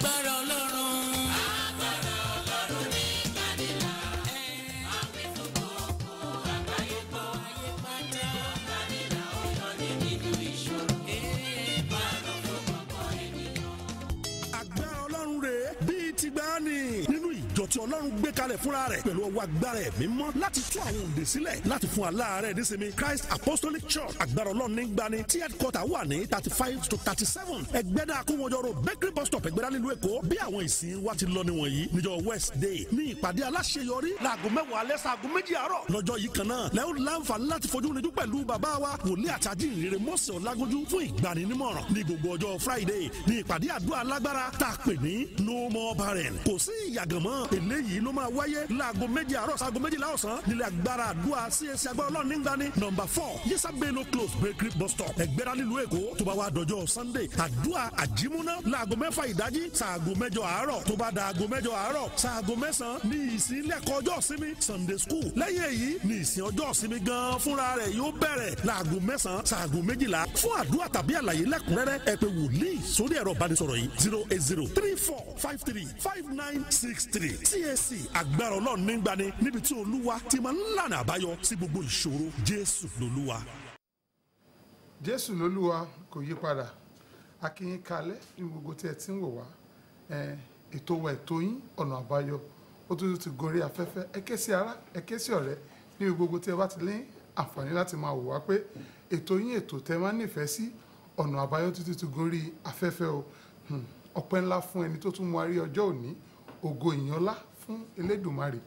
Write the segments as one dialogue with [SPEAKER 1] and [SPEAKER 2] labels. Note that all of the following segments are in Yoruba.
[SPEAKER 1] ¡Pero!
[SPEAKER 2] ọlọ́run gbé kalẹ̀ fúnra rẹ̀ pẹ̀lú ọwọ́ agbára ẹ̀mí mọ́ láti tú àwọn òǹdè sílẹ̀ láti fún aláàárẹ̀ nísinmi Christ Apostolic Church agbára ọlọ́run ní gbani tí headquarter wà ní thirty five to thirty seven ẹgbẹ́dá akówójọ bakery bus stop ẹgbẹ́dá nílùú èkó bí àwọn ìsìn wa ti lọ níwọ̀n yìí níjọ́ Wednesday ní ìpàdé aláṣeyọrí láago mẹ́wàá alẹ́ sáago méjì àárọ̀ lọ́jọ́ yìí kan náà lẹ́hìn láǹfààní láti fojú níjú pẹ̀lú bàbá wa wòlíì àtàjì ìrere mọ́sẹ̀ ọ̀làgójú fún ìgbaninímọ̀ràn ní gbogbo ọjọ́ Friday ní ìpàdé àdúrà alágbára tá a pè ní no more barren kò sí ìyàgànmọ́ èl ìpàdé yìí ló máa wáyé láago méje àárọ̀ sago méjìlá ọ̀sán nílẹ̀ agbára àdúrà csc agbára ọlọ́run nígbà ní nọ́mbà four yísà bello close bakery bus stop ẹgbẹ́ra nílùú èkó tó bá wá dọjọ́ sunday àdúrà àjímúná láago mẹ́fà ìdájí saago mẹ́jọ àárọ̀ tó bá da aago mẹ́jọ àárọ̀ saago mẹ́sàn-án ní ìsìn lẹ́kọ̀ọ́ ọjọ́ sinmi sunday school lẹ́yìn èyí ní ìsìn ọjọ́ sinmi gan-an fúnra rẹ̀ yóò bẹ̀rẹ̀ láago mẹ́sàn-án saago méjìlá fún àdúrà tàbí àlàyé lẹ́kùnrẹ́rẹ́ ẹ pè wòlíì sórí ẹ̀rọ ìbánisọ̀rọ̀ yìí zero eight zero three four five three five nine six three CAC agbára ọlọ́run
[SPEAKER 1] nígbà ni níbi tí olúwa ti máa ń lànà àbáyọ sí gbogbo ìṣòro jésù lolúwa. jésù lolúwa kò yí padà akínyín kalẹ̀ ní gbogbo tí ẹ ti ń wò wá ètò wa ètò yín ọ̀nà àbáyọ ó tún ti gorí afẹ́fẹ́ ẹ ké sí ará ẹ ké sí ọ̀rẹ́ níbi gbogbo tí ẹ bá ti ní àǹfààní láti máa wò wá pé ètò yín ètò tẹ máa nífẹ̀ẹ́ sí ọ̀nà àbáyọ títí ti gorí afẹ́fẹ́ o hmm, ọpẹ́ ńlá fún ẹni tó tún mú wa ọjọ́ òní ògo ìyànlá fún Elédùmarè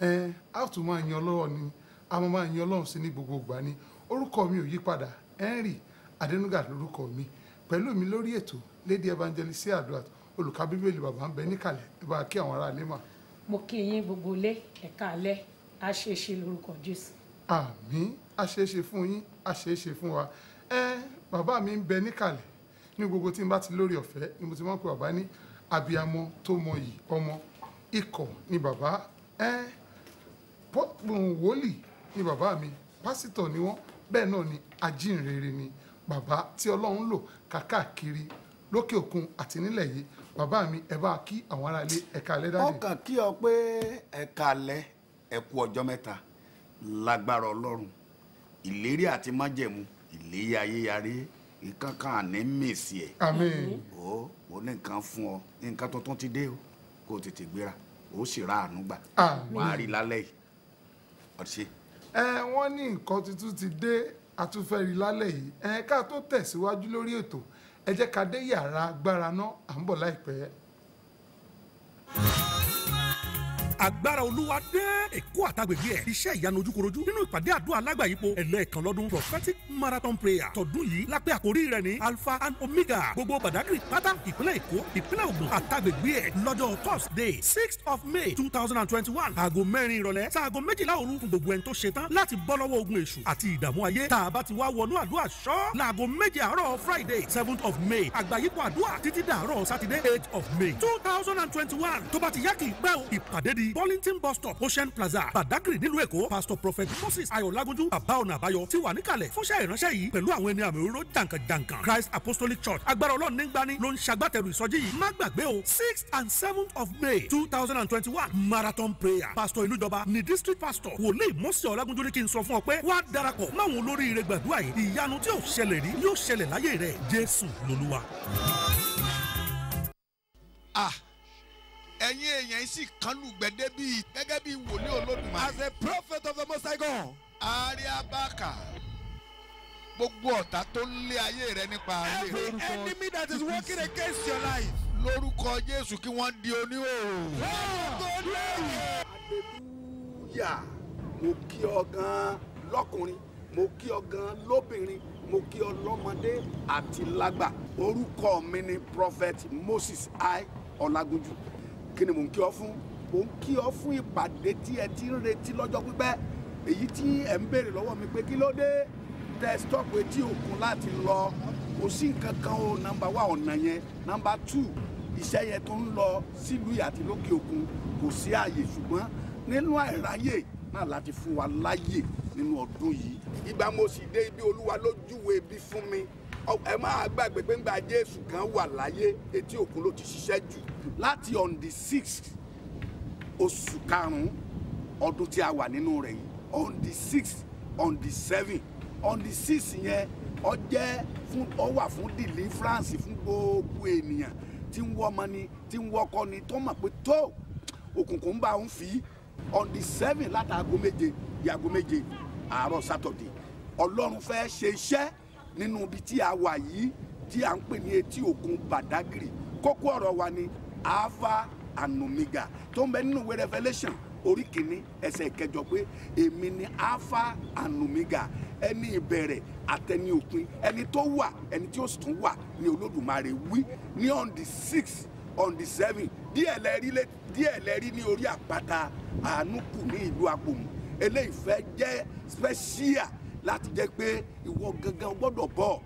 [SPEAKER 1] ẹn a tún máa yan Ọlọ́run ni a máa máa yan Ọlọ́run sí ní gbogbo ìgbà ni orúkọ mi ò yí padà Henry Adenuga lórúkọ mi pẹ̀lú mi lórí ètò Lady Evangelist Aduat olùka bíbélì bàbá ń bẹ níkàlẹ̀ ẹ bá kí àwọn aráalé mà. mo kí yín gbogbo ilé ẹ̀ka alẹ́ a ṣe é ṣe lórúkọ Jésù. àmín a ṣe é ṣe fún yín a ṣe é ṣe fún wa ẹ bàbá mi ń bẹ níkàlẹ̀ ní gbogbo tí n bá ti lórí ọ̀fẹ́ ni mo ti mọ̀ pé bàbá ní abiyamọ tó mọyì ọmọ ikọ̀ ni bàbá ẹ́n wòlíì ni bàbá mi pásítọ̀ ni wọ́n bẹ́ẹ̀ náà ni ajínrere ni bàbá tí ọlọ́run lò kàkàkiri lókè òkun àti nílẹ̀ yìí bàbá mi ẹ bá kí àwọn aráalé ẹ̀ka alẹ́ dáadé. ọkàn kí ọ pé ẹ̀ka alẹ́
[SPEAKER 3] ẹ̀kú ọjọ́ mẹ́ta lágbára ọlọ́run ìlérí àti májẹ̀mú ìléyà ayéyàrí nǹkan àní mèsì ẹ̀. àmín. ó ní nǹkan fún ọ nǹkan tuntun ti dé o kó o tètè gbéra ó sì ra àánú gbà wà á rí lálẹ́ yìí
[SPEAKER 1] ọ̀ṣẹ́. ẹ wọ́n ní nǹkan tuntun ti dé àtúnfẹ́rí lálẹ́ yìí ẹ ká tó tẹ̀síwájú lórí ètò ẹ jẹ́ ká dé yàrá agbára náà à ń bọ̀ láìpẹ́ agbára olúwa
[SPEAKER 2] dé èkó àtàgbègbè ẹ̀ iṣẹ́ ìyanu ojúkorojú nínú ìpàdé àdúrà alágbàyípo ẹlẹ́ẹ̀kan lọ́dún prophetic marathon prayer tọdún yìí lápẹ́ àkórí rẹ̀ ní alpha and omega gbogbo badagry pátá ìpínlẹ̀ èkó ìpínlẹ̀ ògùn àtàgbègbè ẹ̀ lọ́jọ́ thursday sixth of may two thousand and twenty-one aago mẹ́rin ìrọ̀lẹ́ sáago méjìlá òru fún gbogbo ẹni tó ṣe tán láti bọ́ lọ́wọ́ ogun èṣù àti ìdààmú ayé tá a bá ti wá wọnú àdúrà ṣọ́ láago méje àárọ̀ friday seventh of may àgbàyípo àdúrà títí dàárọ̀ saturday eight of may two thousand and twenty-one tó bá ti yá kì í pẹ́ o ìpàdé di ti Burlington bus stop Ocean Plaza Badagry nílùú Èkó Pastor Prophet Moses Ayọ̀lágúnjú bàbá ọ̀nà àbáyọ ti wà níkàlẹ̀ fúnṣẹ́ ìránṣẹ́ yìí pẹ̀lú àwọn ẹni àmì òróró jàǹkànjàǹkàn Christ Apostolic Church agbára ọlọ́run ní gbani ló ń ṣagbátẹrù ìsọjí yìí má gbàgbé o sixth and seventh of May two thousand and twenty-one marathon prayer Pastor Ìlújọba ni district pastor wòlíì Moses Ayọ̀lágúnjú ní kí n sọ fún ọ pé wá darapọ̀ máwọn olóríire gbàdúrà yìí ìyanu ah ẹ̀yin èèyàn sì kánú gbẹ̀dẹ́ bíi gẹ́gẹ́ bíi wòlíì
[SPEAKER 3] olódùmarè. as a prophet of the Most High God. ariabaka gbogbo ọ̀tá tó ń lé ayé rẹ nípa ilé. every enemy that is working against your life. lórúkọ Jésù kí wọ́n di oníhòòhò. hallelujah mo kí ọ gan-an lọ́kùnrin mo kí ọ gan-an lóbìnrin mo kí ọ lọ́mọdé àti lágbà orúkọ mi ni prophet Moses I Ọlágúnjú kí ni mò ń kí ọ fún mò ń kí ọ fún ìpàdé tí ẹ ti ń retí lọ́jọ́ pípẹ́ èyí tí ẹ ń béèrè lọ́wọ́ mi pé kí ló dé tẹ stop etí òkun láti lọ kò sí nǹkan kan o nọ́mbà wa ọ̀nà yẹn nọ́mbà two iṣẹ́ yẹn tó ń lọ sílùú àti lókè òkun kò sí ààyè ṣùgbọ́n nínú àìráyè náà láti fún wa láyè nínú ọdún yìí ìgbà mo sì dé ibi olúwa lójúwe ibi fún mi ẹ má gbàgbé pé ńgbà jésù kan wà láyé etí òkun ló ti ṣiṣẹ́ jù láti on the sixth oṣù karùn-ún ọdún tí a wà nínú rẹ̀ yìí on the sixth on the seventh on the sixth yẹn ó jẹ́ fún ó wà fún deliverance fún gbogbo ènìyàn tí ń wọ́ ọmọ ni tí ń wọ́kọ ni tó mọ̀ pé tó òkùnkùn bá ń fi on the seventh látàgò méje di aago méje àárọ̀ sátọ̀dé ọlọ́run fẹ́ ṣe iṣẹ́ nínú ibi tí a wà yìí tí à ń pè ní etí òkun Badagry kókó ọ̀rọ̀ wa ni alpha and omega tó ń bẹ nínú ìwé revelation orí kìíní ẹsẹ̀ ìkẹjọ pé èmi ni alpha and omega ẹni ìbẹ̀rẹ̀ àtẹni òpin ẹni tó wà ẹni tí ó sì tún wà ni olódùmarè wí ní on the six on the seven díẹ̀ lẹ́rí díẹ̀ lẹ́rí ní orí àpáta àánú kù ní ìlú apòmù eléyìí jẹ́ special láti jẹ́ pé ìwọ gangan gbọ́dọ̀ bọ̀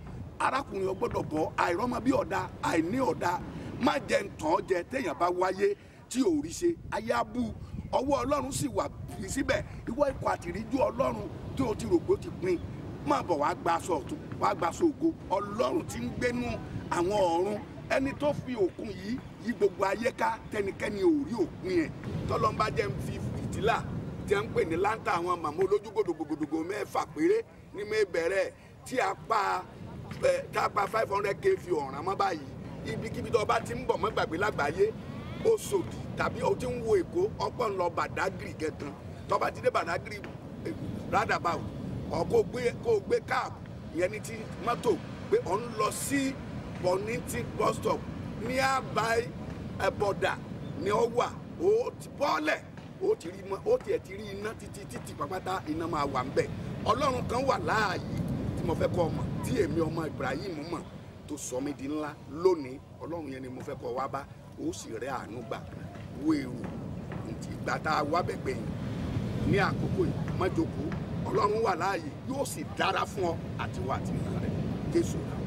[SPEAKER 3] arákùnrin ọ gbọ́dọ̀ bọ̀ àìrọ́mọ bí ọ̀dà àìní ọ̀dà má jẹ ntàn jẹ téèyàn bá wáyé tí ò rí ṣe ayé abú ọwọ́ ọlọ́run sì wà síbẹ̀ ìwọ ikọ̀ àtìríjú ọlọ́run tí o ti rò o ti pin máa bọ̀ wá gba aṣọ ọ̀tún wá gba aṣọ ògo ọlọ́run ti ń gbénú àwọn ọ̀run ẹni tó fi òkun yìí yí gbogbo ayé ká tẹnikẹ́ni ò rí òkun yẹn tọ́lọ́mbá jẹ́ ń fi fìtílà jẹ́ ń pè ní láńtà àwọn màmú olójú gbòdògbòdògbò mẹ́fà péré ní mẹ́bẹ̀rẹ̀ tí a pa five hundred kv ọ̀ràn mọ́ báyìí ibikíbi tó bá ti ń bọ̀ mọ́ gbàgbé lágbàáyé Òṣòdì tàbí o ti ń wo Èkó ọ̀pọ̀ ń lọ Bàdágìrì gẹ̀gàn tó bá ti dé Bàdágìrì rádàbàwò ọ̀ kó gbé kó gbé káàbù yẹn ní ti mọ́tò pé ọ̀ ń lọ sí bọ̀nìtì bus stop nearby ẹ̀bọ̀dà eh, ni ọ wà ó ti bọ́ọ̀lẹ̀ ó ti rí mọ́ ó tiẹ̀ ti rí iná títí títí pàpàtà iná máa wà ń bẹ̀ ọlọ́run kan wà láàyè tí mo fẹ́ kọ́ ọmọ tí èmi ọmọ Ibrahim mọ̀ tó sọ mí di ńlá lónìí ọlọ́run yẹn ni mo fẹ́ kọ́ wá bá ó sì rẹ́ àánú gbà wo èrò ìgbà tá a wá bẹ̀gbẹ̀ yìí ní àkókò yìí má ọlọ́run wà láàyè yóò sì dára fún ọ àtiwọ́
[SPEAKER 2] àtìyàn rẹ jésù náà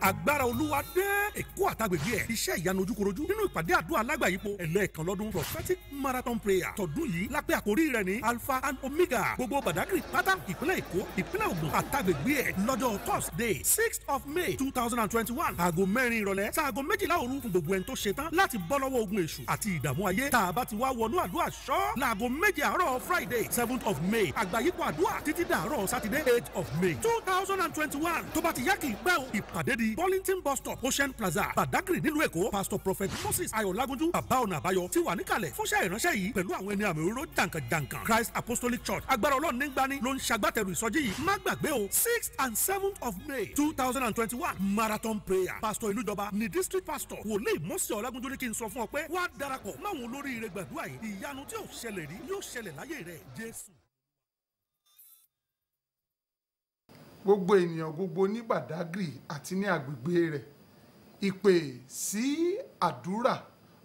[SPEAKER 2] agbára olúwa dé èkó àtàgbègbè ẹ̀ iṣẹ́ ìyanu ojúkorojú nínú ìpàdé àdúrà alágbàyípo ẹlẹ́ẹ̀kan lọ́dún prophetic marathon prayer tọdún yìí lápẹ́ àkórí rẹ̀ ní alpha and omega gbogbo badagiri. pátá ìpínlẹ̀ èkó ìpínlẹ̀ ògùn àtàgbègbè ẹ̀ lọ́jọ́ thursday sixth of may two thousand and twenty-one aago mẹ́rin ìrọ̀lẹ́ sáago méjìlá òru fún gbogbo ẹni tó ṣetán láti bọ́ lọ́wọ́ ogun èṣù àti ìdààmú ayé tá a bá ti wá wọnú àdúrà ṣọ́ láago méje àárọ̀ friday seventh of may àgbáyípo àdúrà títí dàárọ̀ saturday eight of may two thousand and twenty-one tó bá ti yá kì í pẹ́ o ìpàdé di ti Burlington bus stop ocean plaza Badagry nílùú Èkó pastor prophet Moses Ayọ̀lágúnjú bàbá ọ̀nà àbáyọ ti wà níkàlẹ̀ fúnṣẹ́ ìránṣẹ́ yìí pẹ̀lú àwọn ẹni àmì òróró jàǹkànjàǹkàn Christ Apostolic Church agbára ọlọ́run nígbani ló ń ṣagbátẹrù ìsọjí yìí má gbàgbé o sixth and seventh of May two thousand and twenty-one marathon prayer pastor ìlújọba ni district pastor wòlíì Moses Ayọ̀lágúnjú ní kí n sọ fún ọ pé wá darapọ̀ máwọn olóríire gbàdúrà yìí ìyanu tí ò ṣẹlẹ̀ rí yóò ṣẹlẹ̀ láyé rẹ̀ Jésù.
[SPEAKER 1] gbogbo ènìyàn gbogbo ní Badagry àti ní agbègbè rẹ̀ ìpè sí àdúrà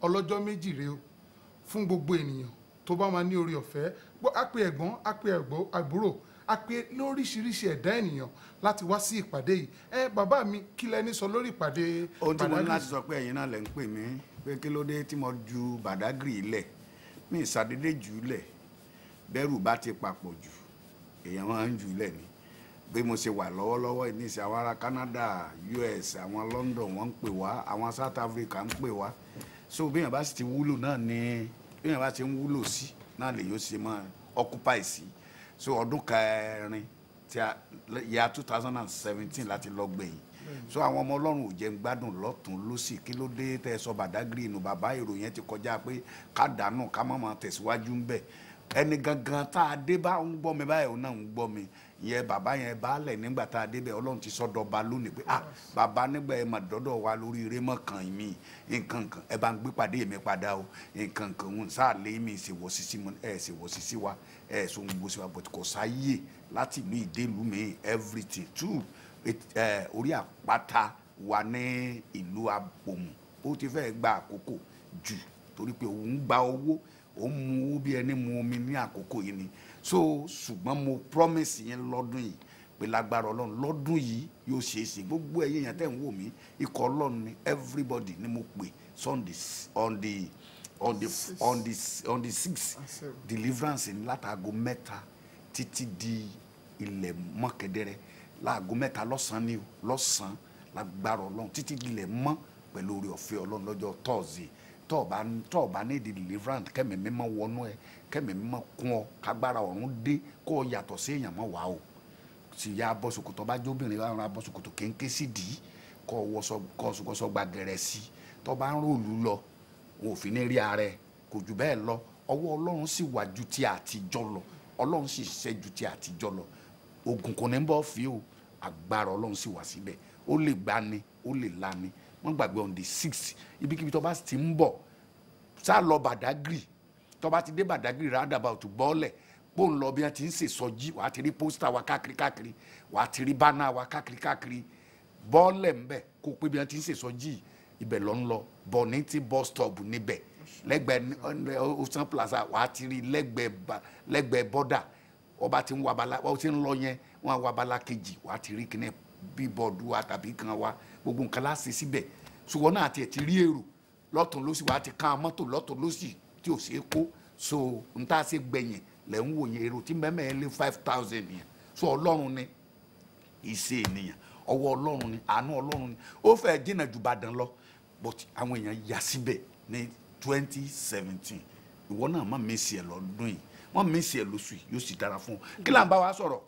[SPEAKER 1] ọlọ́jọ́ méjì rèé o fún gbogbo ènìyàn tó bá máa ní orí ọ̀fẹ́ a pè ẹ̀gbọ́n a pè ẹ̀gbọ́n àbúrò a pè lóríṣiríṣi ẹ̀dá ènìyàn láti wá sí ìpàdé yìí ẹ bàbá mi kí lẹni sọ lórí ìpàdé Badagry. ohun tí mo ní láti
[SPEAKER 3] sọ pé ẹ̀yin náà lẹ ń pè mí pé kí ló dé tí mo ju Badagry lẹ̀ mi ìsàdédé jù ú lẹ̀ bẹ́rù bá ti papọ̀ jù èèyàn máa ń jù ú lẹ̀ ni bí mo ṣe wà lọ́wọ́lọ́wọ́ ìníṣẹ́ àwọn ará Canada US àwọn London wọ́n ń pè wá àwọn South Africa ń pè wá so bí èèyàn bá sì ti wúlò náà ni bí èèyàn bá ti ń wúlò sí náà lè yóò ṣe máa occupy sí so ọdún kẹrin tí a ya two thousand and seventeen láti lọ gbẹ̀yìn so àwọn ọmọ ọlọ́run ò jẹ́ ń gbádùn lọ́tún lọ́sì kí ló dé tẹ́ ẹ sọ bàdágìrì inú bàbá ìròyìn ti kọjá pé ká dànù ká má máa tẹ̀síwájú ń bẹ̀ ẹni gangan tá a dé bá ń gbọ́ mi báyìí òun náà ń gbọ́ mi yẹn bàbá yẹn baálẹ̀ nígbà tá a débẹ̀ ọlọ́run ti sọ́dọ̀ ba lónìí pé ah bàbá nígbà yẹn mà dọ́dọ̀ wa lórí eré mọ̀kàn mi nǹkan kan ẹ bá ń gbé pàdé mi padà o nǹkan kan ń sáà lé mi ìṣèwọ̀ sísí mu ẹ̀ ṣèwọ̀ sísí wa ẹ̀ ṣò ń gbó sí wa but kò sáyè láti ìlú ìdélùú mi everything two orí àpáta wa ní ìlú Àpòmù ó ti fẹ́ gba àkókò jù torí pé òun gba owó òun mu owó bí ẹni mu omi ní àkókò yìí ni so ṣùgbọ́n mo promise yẹn lọ́dún yìí pé lágbára ọlọ́run lọ́dún yìí yóò ṣe é ṣe gbogbo ẹ̀yin èèyàn tẹ̀ ń wò mí ikọ̀ ọlọ́run ni everybody ni mo pè sunday on the on the on the on the six deliverance ni látàgò mẹ́ta títí di ilẹ̀ mọ́kẹ́dẹ́rẹ́ láago mẹ́ta lọ́sàn-án ni lọ́sàn-án lágbára ọlọ́run títí di ilẹ̀ mọ́ pẹ̀lú oore ọ̀fẹ́ ọlọ́run lọ́jọ́ thursday tọ́ọ̀bá tọ́ọ̀bá ní di deliverance kẹ́mi mímọ́ wọnú ẹ kẹ́mi mímọ́ kún ọ kágbára ọ̀run dé kó o yàtọ̀ sí èèyàn mọ́ wá o sì ya abọ́sokòtò bá jóbìnrin láwọn abọ́sokòtò kéńké sì dì í kọ́ ọ wọ́sọ kọ́ ọsọkọ́sọ gba gẹ̀rẹ́ sí i tọ́ba ń ròlù lọ òfin ní rí ara ẹ kò jù bẹ́ẹ̀ lọ ọwọ́ ọlọ́run sì wà ju ti àtijọ́ lọ ọlọ́run sì ṣe ju ti àtijọ́ lọ ogun kò ní bọ́ fi o agbára ọlọ́run sì wà síbẹ̀ ó lè gbani ó lè lani wọ́n gbàgbé on the sixth ibikíbi tó bá ti ń bọ̀ sá lọ Badagry tó bá ti dé Badagry roundabout bọ́ọ̀lẹ̀ pò ń lọ bí wọ́n ti ń ṣèsọjí wàá ti rí pósítà wa káàkiri káàkiri wàá ti rí bánà wa káàkiri káàkiri bọ́ọ̀lẹ̀ ń bẹ̀ kó pé bí wọ́n ti ń ṣèsọjí ibẹ̀ ló ń lọ bọ̀nìtì bus stop níbẹ̀ lẹ́gbẹ̀ẹ́ ocean plaza wàá ti rí lẹ́gbẹ̀ẹ́ bọ́dà ọba ti ń wabala ọba ti ń lọ yẹn wọn wabala kejì wàá ti rí kíní bíbọ̀dù wa tàbí kan wa gbogbo nǹkan láti síbẹ̀ ṣùgbọ́n náà tiẹ̀ ti rí èrò lọ́tún lọ́sì wa ti kan mọ́tò lọ́tún lọ́sì tí ò ṣeé kó so n ta ṣe gbẹ̀yìn lẹ̀ ń wòye èrò tí mẹ́mẹ́ ẹ lé five thousand yẹn so ọlọ́run ni ìṣe ènìyàn ọwọ́ ọlọ́run ni àánú ọlọ́run ni ó fẹ́ jìnnà ju Ìbàdàn lọ but àwọn èèyàn yà síbẹ̀ ní twenty seventeen ìwọ náà má mèsì ẹ lọ́dún yìí wọ́n mèsì ẹ lóṣù yìí yóò sì dára fún ọ kí là wa sọ̀rọ̀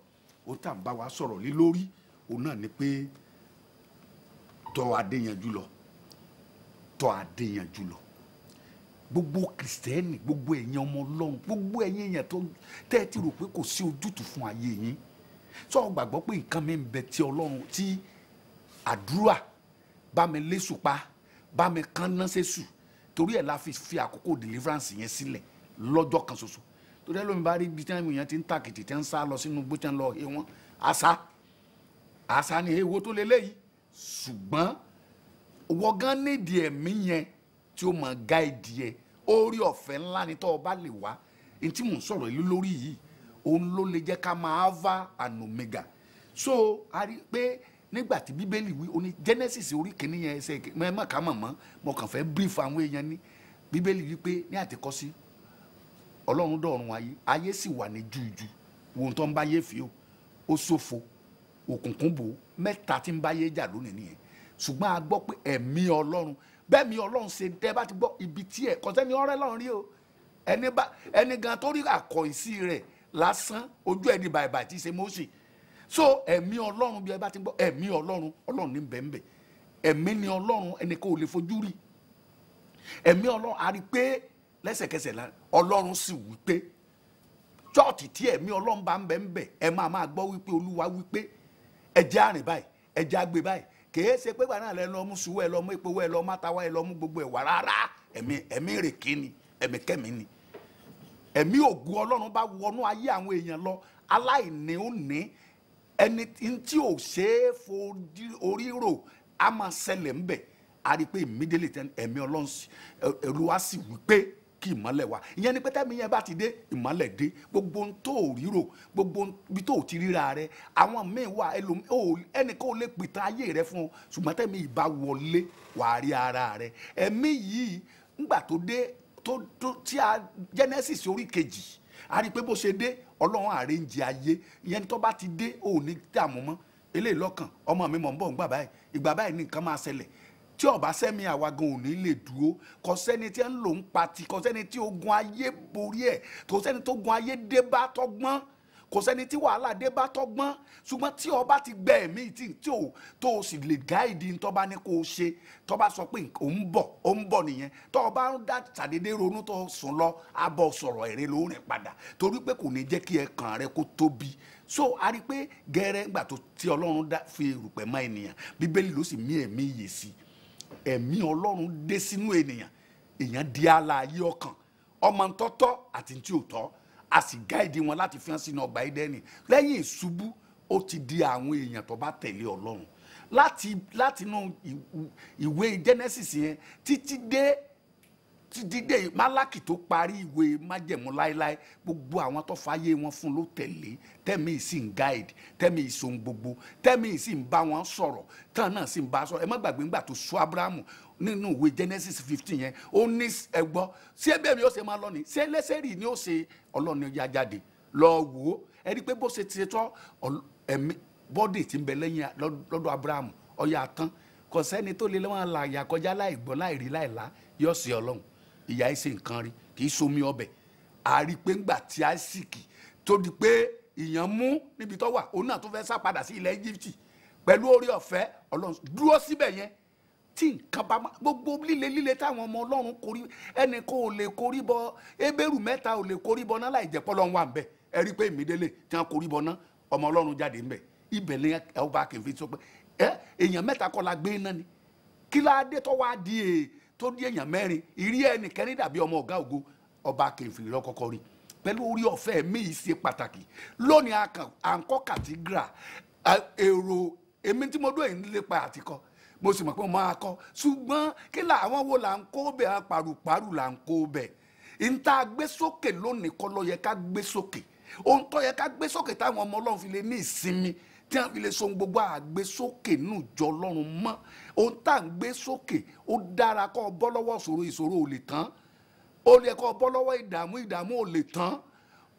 [SPEAKER 3] ó tà wa sọ̀rọ̀ lé lórí òun náà ni pé tọ́ adéyanjú lọ tọ́ adéyanjú lọ gbogbo kìrìsìtẹ́nì gbogbo ẹ̀yin ọmọ ọlọ́run gbogbo ẹ̀yin èèyàn tó tẹ́ ẹ ti rò pé kò sí ojútùú fún ayé yín sọ gbàgbọ́ pé nǹkan mi ń bẹ tí ọlọ́run tí àdúrà bá mi lésù pa bá mi kán ná sẹ́sù torí ẹ̀ la fi fi àkókò deliverance yẹn sílẹ̀ lọ́jọ́ kan ṣoṣo torí ẹ̀ lómi bá rí ibi tí wọ́n ti ń tàkìtì tí wọ́n ń sá lọ sínú gbó tí wọ́n lọ he wọ́n á àṣà ni èèwọ̀ tó lélẹ́yìí ṣùgbọ́n wọ́n gan nídìí ẹ̀mí yẹn tí ó mọ̀ gáìdì ẹ̀ orí ọ̀fẹ́ ńlá ni tọ́ ọ lè wá ní tí mò ń sọ̀rọ̀ ìlú lórí yìí òun ló lè jẹ́ ká máa ava and so a rí i pé nígbà tí bíbélì wí o genesis orí kìíní yẹn ẹsẹ̀ mẹ́mọ́ ká mọ̀ mọ́ mo kàn fẹ́ brief àwọn èèyàn ní bíbélì wí pé ní àtikọ́sí ọlọ́run dọ̀run ayé ayé sì wà ní jùjù wọn tó ń bá yé fi o ó ṣòfò òkùnkùn bò mẹ́ta tí ń bá yé jà lónìí nìyẹn ṣùgbọ́n a gbọ́ pé ẹ̀mí ọlọ́run bẹ́ẹ̀ mi ọlọ́run ṣe tẹ́ bá ti gbọ́ ibi tí ẹ̀ kọ́sẹ́ni ọ̀rẹ́ lọ́run rí o ẹni bá ẹni gan tó rí àkọ́yìsí rẹ̀ lásán ojú ẹni bàìbàì tí ṣe mọ́ọ̀sì so ẹ̀mí ọlọ́run bí ẹ bá ti gbọ́ ẹ̀mí ọlọ́run ọlọ́run ní bẹ́ẹ̀nbẹ́ ẹ̀mí ni ọlọ́run ẹni kò lè fojú rí ẹ̀mí ọlọ́run a rí pé lẹ́sẹ̀kẹsẹ̀ ọlọ́run sì wí pé chọ́ọ̀tì tí ẹ̀mí ọlọ́run bá ń bẹ́ẹ̀nbẹ́ ẹ máa máa gbọ́ wípé olúwa wípé ẹjẹ́ àrìn báyìí ẹjẹ́ àgbè báyìí kìí ṣe pé gbàdá lẹ lọ mú suwọ́ ẹ lọ mú epo ẹ lọ mú ẹ lọ mú gbogbo ẹ wà rárá ẹ̀mí rèké ni ẹ̀mí kẹ́mi ni ẹ̀mí ògùn ọlọ́run bá wọnú ayé àwọn èèyàn lọ aláìní ó ní ẹni tí ò ṣe é á máa ṣẹlẹ̀ ńbẹ̀ a rí i pé immediately ọlọ́run ẹ̀rù sì wí pé kí ìmọ́lẹ̀ wá ìyẹn ni pé tẹ́mi yẹn bá ti dé ìmọ́lẹ̀ dé gbogbo ohun tó ríro gbogbo ibi tó ti ríra rẹ àwọn míì wà ẹnìkan ò lè pìtàn ayé rẹ fún un ṣùgbọ́n tẹ́mi ìbá wọlé wàá rí ara rẹ ẹ̀mí yìí ńgbà tó dé tó tó tí a genesis orí kejì a rí i pé bó ṣe dé ọlọ́run àrẹ́ǹjì ayé ìyẹn tó bá ti dé ò ní dààmú mọ́ eléyìí lọ́kàn ọmọ mi mọ̀ ń bọ̀ ń gbà báyìí ìgbà báyìí tí ọba sẹ́mi àwagan ò ní lè dúró kò sẹ́ni tí ń lò ń pati kò sẹ́ni tí ogun ayé borí ẹ̀ kò sẹ́ni tó gun ayé dé bá tọ́gbọ́n kò sẹ́ni tí wàhálà dé bá tọ́gbọ́n ṣùgbọ́n tí ọba ti gbẹ ẹ̀mí tí tí ò tó o sì lè gáìdì tọ́ba ní kó o ṣe tọ́ba sọ pé ò ń bọ̀ ò ń bọ̀ nìyẹn tọ́ ọba ń dá sàdédé ronú tó sùn lọ abọ́ sọ̀rọ̀ èrè lóòrìn padà torí pé kò ní jẹ́ kí ẹ̀kàn rẹ kó tóbi so a rí i pé gẹ́rẹ́ ńgbà tó tí ọlọ́run fi erùpẹ̀ mọ́ ènìyàn bíbélì ló sì mí ẹ̀mí ìyè sí i ẹ̀mí ọlọ́run dé sínú ènìyàn èèyàn di alààyè ọkàn ọmọ ntọ́tọ́ àti ntí òtọ́ a sì gáìdì wọn láti fi hàn sínú ọgbà Édẹ́nì lẹ́yìn ìṣubú ó ti di àwọn èèyàn tó bá tẹ̀lé ọlọ́run láti látinú ìwé Genesis yẹn títí dé ti dídé málákì tó parí ìwé májẹ̀mú láéláé gbogbo àwọn tó fàyè wọn fún ló tẹ̀lé tẹ́mi sì ń guide tẹ́mi ìsòun gbogbo tẹ́mi sì ń bá wọn sọ̀rọ̀ tán náà sì ń bá sọ̀rọ̀ ẹ má gbàgbé ńgbà tó sọ Ábúráhámù nínú ìwé Genesis fifteen yẹn ó ní ẹgbọ́ ṣé bẹ́ẹ̀ ni ó ṣe máa lọ ni ṣé lẹ́sẹ̀rì ni ó ṣe ọlọ́ni ya jáde lọ wò ó ẹ rí i pé bó ṣe ti tọ́ ẹ̀mí bọ́dì ti ń bẹ lẹ́yìn lọ́dọ̀ Ábúráhámù ọ̀yà tán kò sẹ́ni tó lè lọ́wọ́ àlàyà kọjá láì gbọ́ láì rí láì lá yọ̀ sí ọlọ́run ìyá ẹsẹ nǹkan rí kì í somi ọbẹ̀ àrí pé ńgbà tí àìsíkì tó di pé ìyàn mú níbi tó wà òun náà tó fẹ́ sá padà sí ilẹ̀ Íjíbítì pẹ̀lú orí ọ̀fẹ́ Ọlọ́run dúró síbẹ̀ yẹn tí nǹkan bá má gbogbo líle líle táwọn ọmọ Ọlọ́run korí ẹnì kan ò lè korí bọ ebéèrú mẹ́ta ò lè korí bọ náà láì jẹ́pọ́ lọ́n wà ń bẹ̀ ẹ rí i pé ìmídélé tí wọ́n korí bọ náà ọmọ Ọlọ́run jáde ń bẹ̀ ibẹ̀ ni ẹ ọba kẹfì sọ pé ẹ èèyàn mẹ́ta kọ́ la gbé náà ni kí ládé tó wá di èè tó di èèyàn mẹ́rin ìrí ẹnìkẹ́ni dàbí ọmọ ọ̀gá ògo ọba kẹfìrí lọ́kọ́kọ́ rí pẹ̀lú orí ọ̀fẹ́ mi yìí ṣe pàtàkì lónìí akàn àǹkọ́ kàtígrà èrò èmi tí mo dún èyí nílépa àtikọ́ mo sì mọ̀ pé mo máa kọ́ ṣùgbọ́n kí làwọn wo là ń kó bẹ̀ àwọn pàrùpàrù là ń kó bẹ̀ níta gbé sókè lónìí kọ́ ló yẹ ká gbé sókè ohun tó yẹ ká gbé sókè táwọn ọmọ ọlọ́run fi lè ní ìsinmi tí wọ́n fi lè so gbogbo àgbé sókè nù jọ lọ́rùn mọ́ ohun tá à ń gbé sókè ó dára kọ́ ọ bọ́ lọ́wọ́ ìṣòro ìṣòro ò lè tán ó yẹ kọ́ ọ bọ́ lọ́wọ́ ìdààmú ìdààmú ò lè tán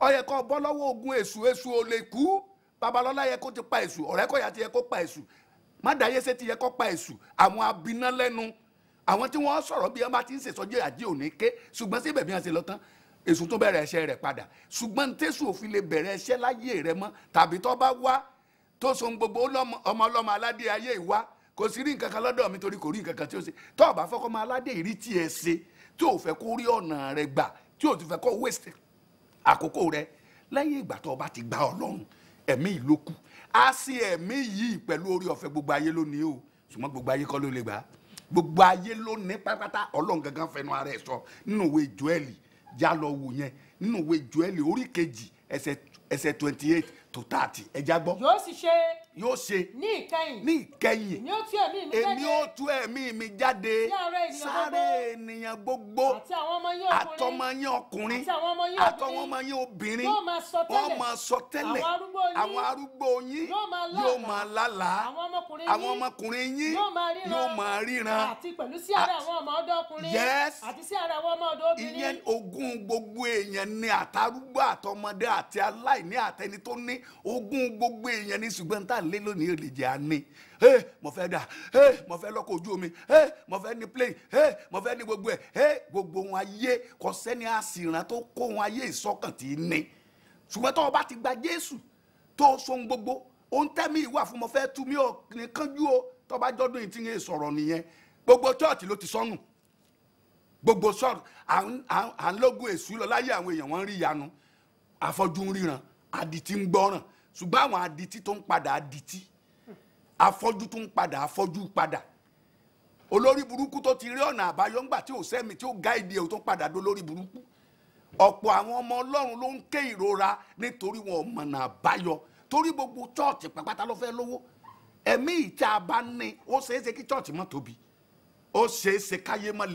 [SPEAKER 3] ó yẹ kọ́ ọ bọ́ lọ́wọ́ ogun èṣù èṣù ò lè kú babalọ́lá yẹ kó ti pa èṣù ọ̀rẹ́kọ̀yà ti yẹ kó pa èṣù mádàáyésé ti yẹ kó pa èṣù àwọn abiná lẹ́nu àwọn tí wọ́n sọ̀rọ̀ bí wọ́n bá ti ń ṣèṣọ́jú àjẹ́ òní ké ṣùgbọ́n síbẹ̀ bí wọ́n ṣe lọ tán èṣù tó bẹ̀rẹ̀ ẹ̀ṣẹ̀ rẹ̀ padà ṣùgbọ́n tẹ́sù òfin lè bẹ̀rẹ̀ ẹ̀ṣẹ̀ láyé rẹ̀ mọ́ tàbí tó bá wá tó so gbogbo ọmọ ọlọ́mọ aládé ayé ìwá kò sí rí nǹkan kan lọ́dọ̀ mi torí kò rí nǹkan kan tí ó ṣe tó o bá fọ́kọ́ ọmọ aládé ìrí tiẹ̀ ṣe tí o fẹ́ kó rí ọ̀nà rẹ gbà tí o ti fẹ́ kó waste àkókò rẹ lẹ́yìn ìgbà tó o bá ti gba ọlọ́run ẹ̀mí ìlú kù á sí ẹ̀mí yìí pẹ̀lú orí ọ̀fẹ́ gbogbo ayé lónìí o ṣùgbọ́n gbogbo ayé kọ́ ló lè gbà gbogbo ayé lónìí pátápátá ọlọ́run gangan fẹnu ara ẹ̀ sọ nínú ìwé Jóẹ́lì já lọ wò yẹn nínú ìwé Jóẹ́lì orí kejì ẹsẹ̀ twenty eight to thirty ẹja gbọ́. yóò sì ṣe. yóò ṣe. ní ìkẹyìn. ní ìkẹyìn. ni ó tú ẹ̀mí mi jáde. èmi ó tú ẹ̀mí mi jáde. sáré ènìyàn gbogbo. àti
[SPEAKER 1] àwọn ọmọ yín ọkùnrin. àtọmọ
[SPEAKER 3] yín ọkùnrin. àti àwọn ọmọ yín obìnrin. àtọwọn ọmọ yín obìnrin. yóò máa sọ tẹ́lẹ̀. wọ́n máa sọ tẹ́lẹ̀. àwọn arúgbó
[SPEAKER 2] yín.
[SPEAKER 1] yóò máa lálàá. àwọn ọmọkùnrin yín. yóò máa ríran. àti pẹ̀lú sí ara àwọn ọmọ ọ̀dọ́ ọkùnrin. yes. àti sí ara àwọn ọmọ ọ̀dọ́ obìnrin. ìyẹn
[SPEAKER 3] ogún gbogbo èèyàn ni àtàrúgbó àtọmọdé àti aláìní àtẹni tó ní ní ogún gbogbo èèyàn ní ṣùgbọ́n tá à lé lónìí lè jẹ́ àní ẹ mo fẹ́ dà ẹ mo fẹ́ lọ́kọ̀ ojú omi ẹ mo fẹ́ ní plane ẹ mo fẹ́ ní gbogbo ẹ ẹ gbogbo wọn ayé kò sẹ́ni àsìràn tó kó wọn ayé ìsọkàn tí ní ṣùgbọ́n tó o bá ti gba Jésù tó o sọ ohun gbogbo ohun tẹ́mi ìwà fún mo fẹ́ tú mi ò nìkan jú o tó o bá jọ́dún yìí ti ń sọ̀rọ̀ nìyẹn gbogbo chọ́ọ̀tì ló ti sọnù gbogbo sọ̀rọ̀ à ń lógun èṣù lọ láyé àwọn èèyàn wọn rí ìyanu àfọjú ń ríran àdìtì ń gbọràn ṣùgbọ́n àwọn adití tó ń padà adití afọ́jú tó ń padà afọ́jú padà olórí burúkú tó ti rí ọ̀nà àbáyọ ńgbà tí ò sẹ́mi tí ga ìdí ẹ̀ tó ń padà dó lórí burúkú ọ̀pọ̀ àwọn ọmọ ọlọ́run ló ń ké ìrora nítorí wọn àbáyọ torí gbogbo chọ́ọ̀tì ló fẹ́ lówó ẹ̀mí ìta ní ó ṣeéṣe kí chọ́ọ̀tì mọ́ tóbi ó ṣeéṣe káyé mọ́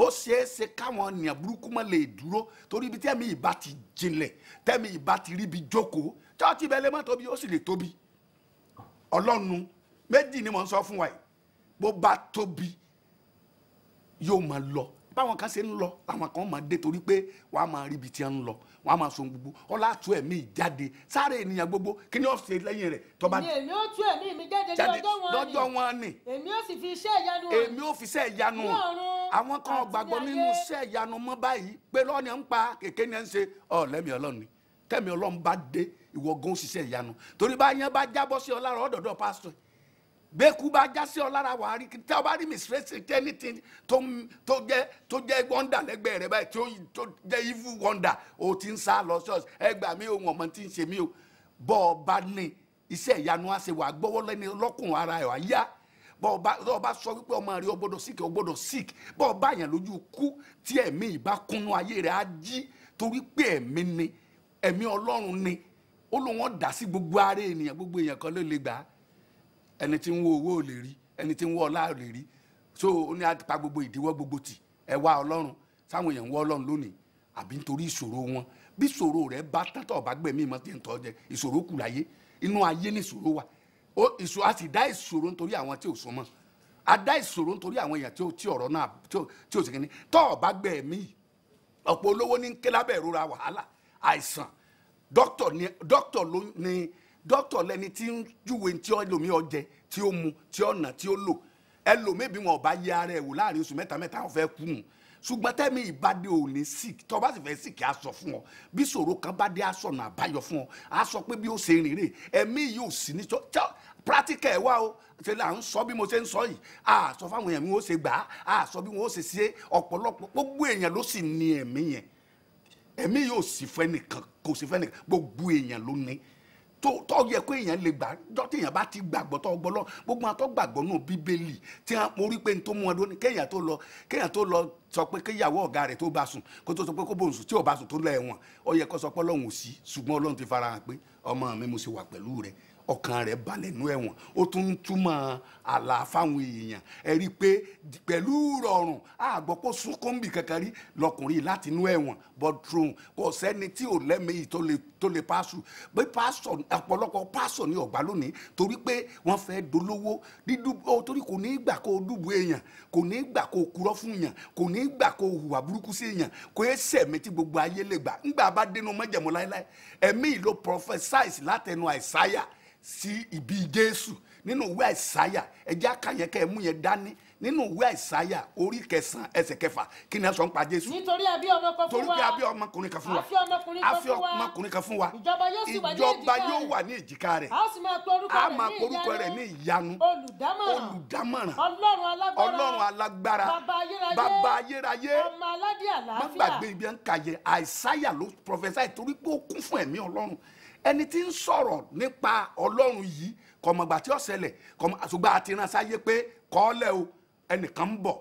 [SPEAKER 3] ó ṣeé ṣe káwọn ènìyàn burúkú mọ́ lè dúró torí ibi tẹ́mi ìbá ti jinlẹ̀ tẹ́mi ìbá ti ríbi jókòó chọ́ọ̀tì bẹ́ẹ̀ lè má tóbi ó sì lè tóbi ọlọ́run méjì ni mò ń sọ fún wa yìí bó bá tóbi yóò máa lọ báwọn kan ṣe ń lọ làwọn kan máa dé torí pé wàá máa ríbi tí wọ́n ń lọ wàá máa so gbogbo ọlá tú ẹ̀mí jáde sáré ènìyàn gbogbo kí ni ó lẹ́yìn rẹ̀ tó bá. èmi
[SPEAKER 1] ó tú ẹ̀mí mi jáde lọ́jọ́ wọn ni èmi ó sì fi iṣẹ́ ìyanu hàn èmi ó fi iṣẹ́
[SPEAKER 3] ìyanu hàn àwọn kan gbàgbọ́ nínú iṣẹ́ ìyanu mọ́ báyìí pé lọ́ọ̀ni ń pa kékeré ni ẹ̀ ń ṣe ọ̀ lẹ́mìí ọlọ́run ni tẹ́mi ọlọ́run bá dé ìwọ gan ṣiṣẹ́ ìyanu torí bá yẹn bá jábọ́ sí ọ lára ọ̀dọ̀dọ̀ pásítọ̀ bẹ́ẹ̀kú bá já sí ọ lára wàá rí tí a bá rí mistress anything tó tó jẹ́ tó jẹ́ wonder lẹ́gbẹ̀ẹ́ rẹ báyìí tó tó jẹ́ evil wonder o ti ń sá lọ ṣọ́ọ̀ṣì ẹ gbà mí o wọ̀n mọ́ ti ń ṣe mí o bọ́ ọ bá ní iṣẹ́ ìyanu àṣewà gbọ́wọ́ lẹ́ni ọlọ́kùnrin ara ẹ̀ wá yá bọ́ ọba sọ wípé ọmọ rẹ ó gbọ́dọ̀ sick ó gbọ́dọ̀ sick bọ́ ọba yẹn lójú kú tí ẹ̀mí ìbá kúnnú ayé rẹ̀ á jí torí pé ẹ̀mí ni ẹ̀mí ọlọ́run ni ó ló wọ́n dà sí gbogbo ara ènìyàn gbogbo èèyàn kan ló lè gbà á ẹni tí ń wo owó ò lè rí ẹni tí ń wo ọlá ò lè rí so ó ní àtìpá gbogbo ìdíwọ́ gbogbo tì ẹ wá ọlọ́run sáwọn èèyàn ń wá ọlọ́run lónìí àbí nítorí ìṣòro wọn bí ìṣòro rẹ bá tán tó bá gbẹ̀mí ìmọ̀ tí ń tọ́ jẹ ìṣòro kù láyé inú ayé ní ìṣòro wà ìṣòro a sì dá ìṣòro nítorí àwọn tí ò so mọ́ a dá ìṣòro nítorí àwọn èèyàn tí ò tí ọ̀rọ̀ náà tí ò sì kíni tọ́ ọ̀ bá gbẹ ẹ̀mí ọ̀pọ̀ olówó ní kílábẹ̀ ìrora wàhálà àìsàn dókítà ló ní dókítà lẹni tí ń júwe tí ẹlòmíì ó jẹ tí ó mu tí ó nà tí ó lò ẹlòmíì bí wọn ò bá yẹ ara ẹ̀ wò láàrin oṣù mẹ́ta mẹ́ta wọn fẹ́ kú un ṣùgbọ́n tẹ́mi ìbádé ò ní sick tó bá sì fẹ́ sick á sọ fún ọ bí ṣòro kan bá dé á sọ̀nà àbáyọ fún ọ á pé bí ó ṣe rìn rè ẹ̀mí yìí ò sí ní practical ẹ̀ o ṣe là ń sọ bí mo ṣe ń sọ yìí a sọ fáwọn èèyàn mi ó ṣe gbà á a sọ bí wọn ó ṣe ṣe ọ̀pọ̀lọpọ̀ gbogbo èèyàn ló sì ní ẹ̀mí yẹn ẹ̀mí yóò sì fẹ́ nìkan kò sì fẹ́ nìkan gbogbo èèyàn ló ní tó tó yẹ kó èèyàn lè gbà dọ́tí èèyàn bá ti gbàgbọ́ tó gbọ́ lọ gbogbo àwọn tó gbàgbọ́ náà bíbélì tí wọn mo rí pé n tó mú wọn lónìí kéèyàn tó lọ kéèyàn tó lọ sọ pé kéyàwó ọ̀gá rẹ̀ tó bá sùn kó tó sọ pé kó bò sùn tí ò bá sùn tó lọ ẹ̀wọ̀n ó yẹ kó sọ pé ọlọ́run ò sí ṣùgbọ́n ọlọ́run ti fara hàn pé ọmọ mi mo sì wà pẹ̀lú rẹ̀ ọkàn rẹ̀ balẹ̀ nú ẹ̀wọ̀n ó tún ń túmọ̀ àlà fáwọn èèyàn ẹ rí i pé pẹ̀lú rọrùn àgbọ̀pọ̀ sunkúnbì kankan rí lọkùnrin láti inú ẹ̀wọ̀n bọ́dúrún kò sẹ́ni tí ò lẹ́mìí tó lè pásù bí pásọ̀ ọ̀pọ̀lọpọ̀ pásọ̀ ní ọ̀gbá lónìí torí pé wọ́n fẹ́ dolówó dídúgbò torí kò ní gbà kó dùbò èèyàn kò ní gbà kó kúrọ́ fún èèyàn kò ní gbà kó hùwà burúkú sí èèyàn kò é sẹ̀mí tí gbogbo ayé lè gbà ńgbà bá dénú mọ́jẹ̀mú láéláé ẹ̀mí ìlò prophesize látẹnu àìsáyà sí ibi jésù nínú ìwé àìsáyà ẹjẹ́ àkàyẹn kẹ́ ẹ mú yẹn dání nínú ìwé àìsáyà orí kẹsàn-án ẹsẹ̀ kẹfà kí ni a sọ ń pa jésù.
[SPEAKER 1] nítorí àbí ọmọkùnrin kan fún wa torí àbí ọmọkùnrin kan fún wa àfi ọmọkùnrin kan fún wa ìjọba yóò
[SPEAKER 3] wà ní èjìká rẹ̀
[SPEAKER 1] a máa pe orúkọ rẹ̀ ní ìyanu olùdámọ̀ràn ọlọ́run alágbára bàbá ayérayé má gbàgbé
[SPEAKER 3] ibi ẹ̀ ń kàyẹ àìsáyà ló prophesy torí pé ó kún fún ẹ̀mí ọlọ́run ẹni tí ń sọ̀rọ̀ nípa ọlọ́run yìí kọ̀mọ̀gbà tí ó ṣẹlẹ̀ ṣùgbọ́n àti rán sáyé pé kọ́ọ́lẹ̀ o ẹnìkan ń bọ̀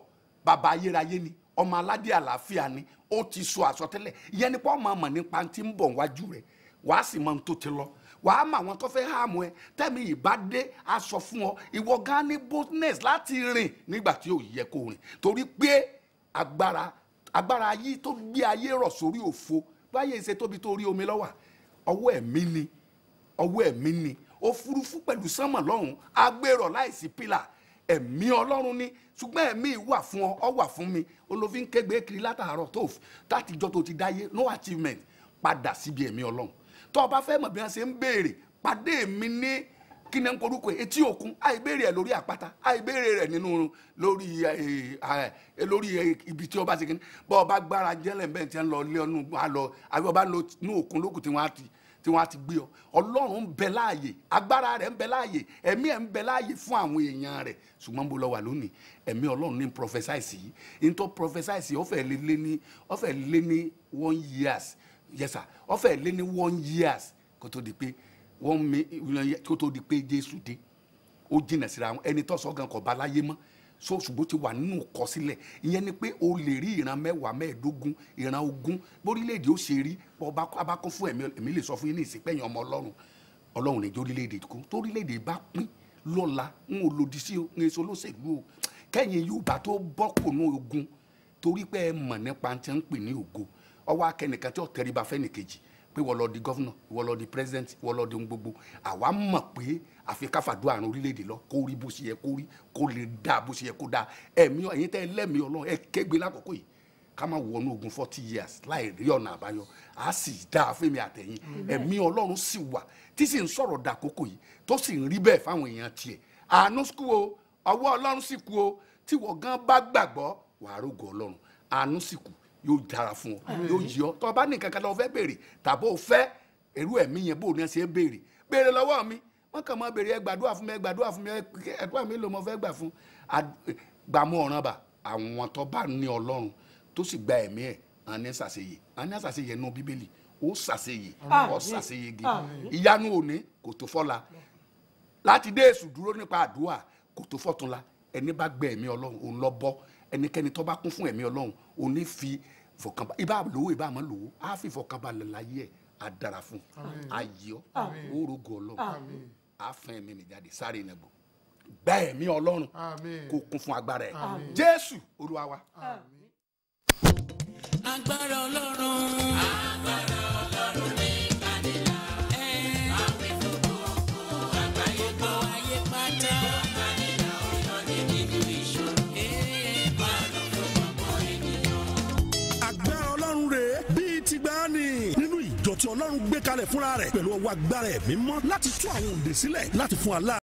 [SPEAKER 3] bàbá ayérayé ni ọmọ aládé àlàáfíà ni ó ti sọ àsọtẹ́lẹ̀ ìyẹn nípa ọmọ ọmọ nípa tí ń bọ̀ wájú rẹ̀ wàá sì mọ ohun tó ti lọ wàá mọ àwọn tó fẹ́ hàmù ẹ tẹ́mi ìbádé aṣọ fún ọ ìwọ gan ní boldness láti rìn nígbà tí ò yẹ kó rìn torí pé agbára agbára ayé tó gbé ayé rọ̀ sórí òfo báyé ṣe tóbi tó rí omi lọ́wọ́ ọwọ́ ẹ̀mí ni ọwọ́ ẹ̀mí ni òfurufú pẹ̀lú sánmọ̀ lọ́hùn agbèrò láìsí pílà ẹ̀mí ọlọ́run ni ṣùgbọ́n ẹ̀mí wà fún ọ ọ wà fún mi olófin kẹgbẹ́ kiri látàárọ̀ tó látijọ́ tó ti dáyé no achievement padà síbi ẹ̀mí ọlọ́run tó o bá fẹ́ mọ̀ bí wọ́n ṣe ń béèrè pàdé mi ní kí ni ń korúkọ ẹ̀ etí òkun àìbéèrè ẹ̀ lórí àpáta àìbéèrè rẹ̀ nínú lórí eh, eh, lórí eh, ibi tí ọba ti kí ni bọ́ ọba gbára jẹ́lẹ̀ bẹ́ẹ̀ tí ń lọ lé ọnù àlọ́ àbí ọba nínú òkun lókùn tí wọ́n á ti tí wọ́n á ti gbé ọ ọlọ́run ń bẹ láàyè agbára rẹ̀ ń bẹ láàyè ẹ̀mí ẹ̀ ń bẹ láàyè fún àwọn èèyàn rẹ̀ ṣùgbọ́n bó lọ wà lónìí ẹ̀mí ọlọ́run ní prophesize yìí ní tó prophesize yìí ọ̀fẹ́ lé ní ọ̀fẹ́ lé ní one years yes sir ọ̀fẹ́ lé ní one years kó tó di pé wọ́n mi kó tó di pé jésù dé ó jìnà síra wọn ẹni tó sọ gan kò bá láyé mọ́ so ṣùgbọ́n ti wà nínú kọsílẹ̀ ìyẹn ni pé o lè rí ìran mẹ́wàá mẹ́ẹ̀ẹ́dógún ìran ogún bórílẹ̀-èdè ó ṣe rí ọba abákọ́ fún ẹ̀mí ẹ̀mí lè sọ fún yín ní ìsìnkpẹ́yìn ọmọ ọlọ́run ọlọ́run lè jẹ́ orílẹ̀-èdè kú torílẹ̀-èdè bá pín lọ́la ń ò lòdì sí ń èso lóṣèlú o kẹ́yìn yorùbá tó bọ́ kò ní ogun torí pé ẹ mọ̀ nípa ti ń pè ní ògo ọwọ́ akẹ́nìkan tí ó tẹríba fẹ́nìkejì pé wọ́n lọ di gọ́fúnà wọ́n lọ di president wọ́n lọ di ohun gbogbo àwa mọ̀ pé àfi káfàdúrà àrùn orílẹ̀-èdè lọ kó rí bó ṣe yẹ kó rí kó lè dá bó ṣe yẹ kó dá ẹ̀mí ẹ̀yin tẹ́ lẹ́mìí ọlọ́run ẹ kégbe lákòókò yìí ká má wọnú ogun forty years láì rí ọ̀nà àbáyọ á sì dá fẹ́mi àtẹ̀yìn ẹ̀mí ọlọ́run sì wà tí sì ń sọ̀rọ̀ dàkókò yìí tó sì ń rí bẹ́ẹ̀ fáwọn èèyàn tiẹ̀ àánú kú o ọwọ́ ọlọ́run sì kú o tí wọ́n gan bá gbàgbọ́ wàá rògùn ọlọ́run àánú sì kú yóò dára fún ọ yóò yí ọ tó o bá ní kankan lọ fẹ́ béèrè tàbó o fẹ́ èrú ẹ̀mí yẹn bó o ní ṣe é béèrè béèrè lọ́wọ́ mi wọ́n kàn máa béèrè ẹ gbàdúrà fún mi ẹ gbàdúrà fún mi ẹ̀kọ́ mi ló mọ fẹ́ gbà fún gbàmú ọ̀ràn bá àwọn tó bá ní ọlọ́run tó sì gba ẹ̀mí ẹ̀ àní ṣàṣeyè àní ṣàṣeyè nù bíbélì ó ṣàṣeyè ó ṣàṣeyè gé ìyanu òní kò tó fọ́la láti dé èṣù dúró nípa àdúrà kò tó fọ́tunla ẹni bá gbẹ ẹ̀mí ọlọ́run òun lọ bọ́ ẹnikẹ́ni tó bá kún fún ẹ̀mí ọlọ́run ò fi ìfọ̀kànbalẹ̀ ìbá lówó ìbá àmọ́ lówó á fi ìfọ̀kànbalẹ̀ láyé ẹ̀ á dára fún ayọ̀ orógo ọlọ́run á fẹ́ ẹ̀mí mi jáde sáré ìnàgbò gba ẹ̀mí ọlọ́run kó kún fún agbára ẹ̀ jésù olúwa wa.
[SPEAKER 1] agbára ọlọ́run agbára ọlọ́run ni.
[SPEAKER 2] gbé kalẹ̀ fúnra rẹ̀ pẹ̀lú ọwọ́ agbára ẹ̀mí mọ́ láti tú àwọn òǹdè sílẹ̀ láti fún alá